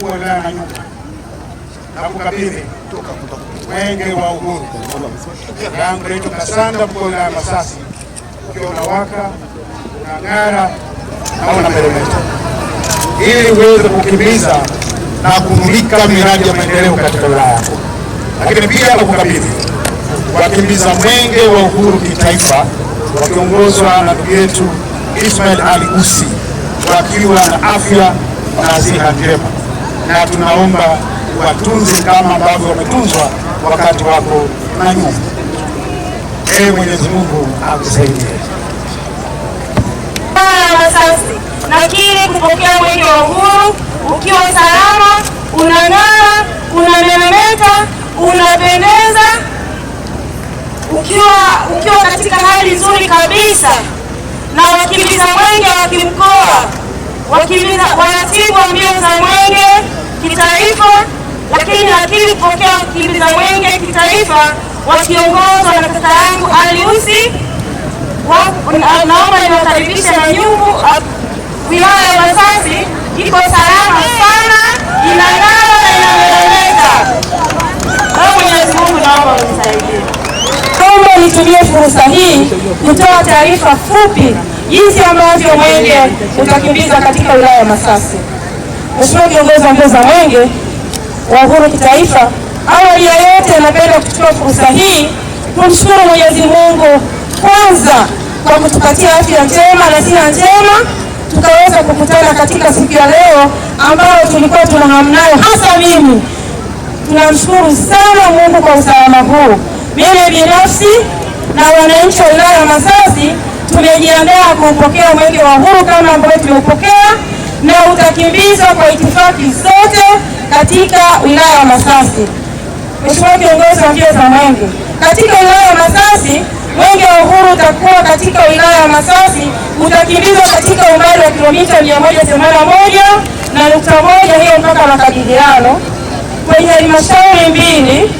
kuwa wa ya Iunga na kukabidhi mwenge wa uhuru yangu naitwa Kasanda, mkuu wa wilaya ya Masasi, ukiwa unawaka unang'ara na unameremeta, ili uweze kukimbiza na kumulika miradi ya maendeleo katika wilaya yako, lakini pia kukabidhi wakimbiza mwenge wa uhuru kitaifa wakiongozwa na ndugu yetu Ismail Ali usi wakiwa na afya na siha njema na tunaomba watunze kama ambavyo wametunzwa wakati wako na nyuma. Ee Mwenyezi Mungu akusaidie. Masasi nakiri kupokea mwenge wa uhuru ukiwa salama, unang'ara, unameremeta, unapendeza, ukiwa ukiwa katika hali nzuri kabisa, na wakimbiza mwenge wa kimkoa wa mbio za mwenge kitaifa, lakini akili kupokea wakimbiza wengi kitaifa wakiongozwa na kaka yangu ali usi Naomba niwakaribishe na Nyungu. Wilaya ya Masasi iko salama sana, inang'aa na inameremeta. Mwenyezi Mungu naomba unisaidie. Naomba nitumie fursa hii kutoa taarifa fupi jinsi ambavyo mwenge utakimbiza katika wilaya ya Masasi. Mheshimiwa kiongozi wa mbio za mwenge wa uhuru kitaifa, awali ya yote, anapenda kuchukua fursa hii kumshukuru Mwenyezi Mungu kwanza kwa kutupatia afya njema na sina njema, tukaweza kukutana katika siku ya leo ambayo tulikuwa tuna hamu nayo, hasa mimi. Tunamshukuru sana Mungu kwa usalama huu. Mimi binafsi na wananchi wa wilaya ya Masasi tumejiandaa kuupokea mwenge wa uhuru kama ambavyo tumeupokea na utakimbizwa kwa itifaki zote katika wilaya ya Masasi. Mheshimiwa kiongozi wa mbio za mwenge, katika wilaya ya Masasi, mwenge wa uhuru utakuwa katika wilaya ya Masasi, utakimbizwa katika umbali wa kilomita 181 na nukta moja hiyo mpaka makabiliano kwenye halmashauri mbili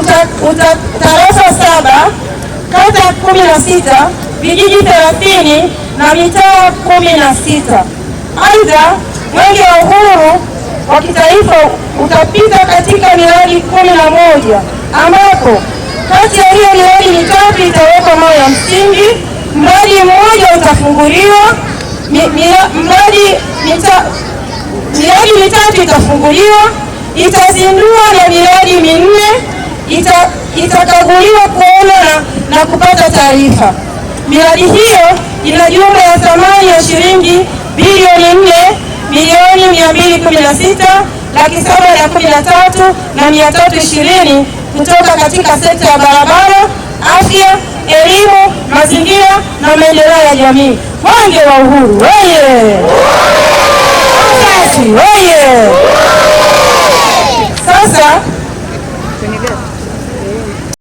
uta, uta, tarafa saba kata kumi na sita vijiji 30 na mitaa 16. Aidha, mwenge wa uhuru wa kitaifa utapita katika miradi 11 ambapo kati ya hiyo miradi mitatu itawekwa mawe ya msingi, mradi mmoja utafunguliwa, miradi mitatu itafunguliwa, itazindua na miradi minne itakaguliwa kuona na kupata taarifa. Miradi hiyo ina jumla ya thamani ya shilingi bilioni 4 milioni 216 laki saba na kumi na tatu na mia tatu ishirini kutoka katika sekta ya barabara, afya, elimu, mazingira na maendeleo ya jamii. Mwenge wa Uhuru! Oye!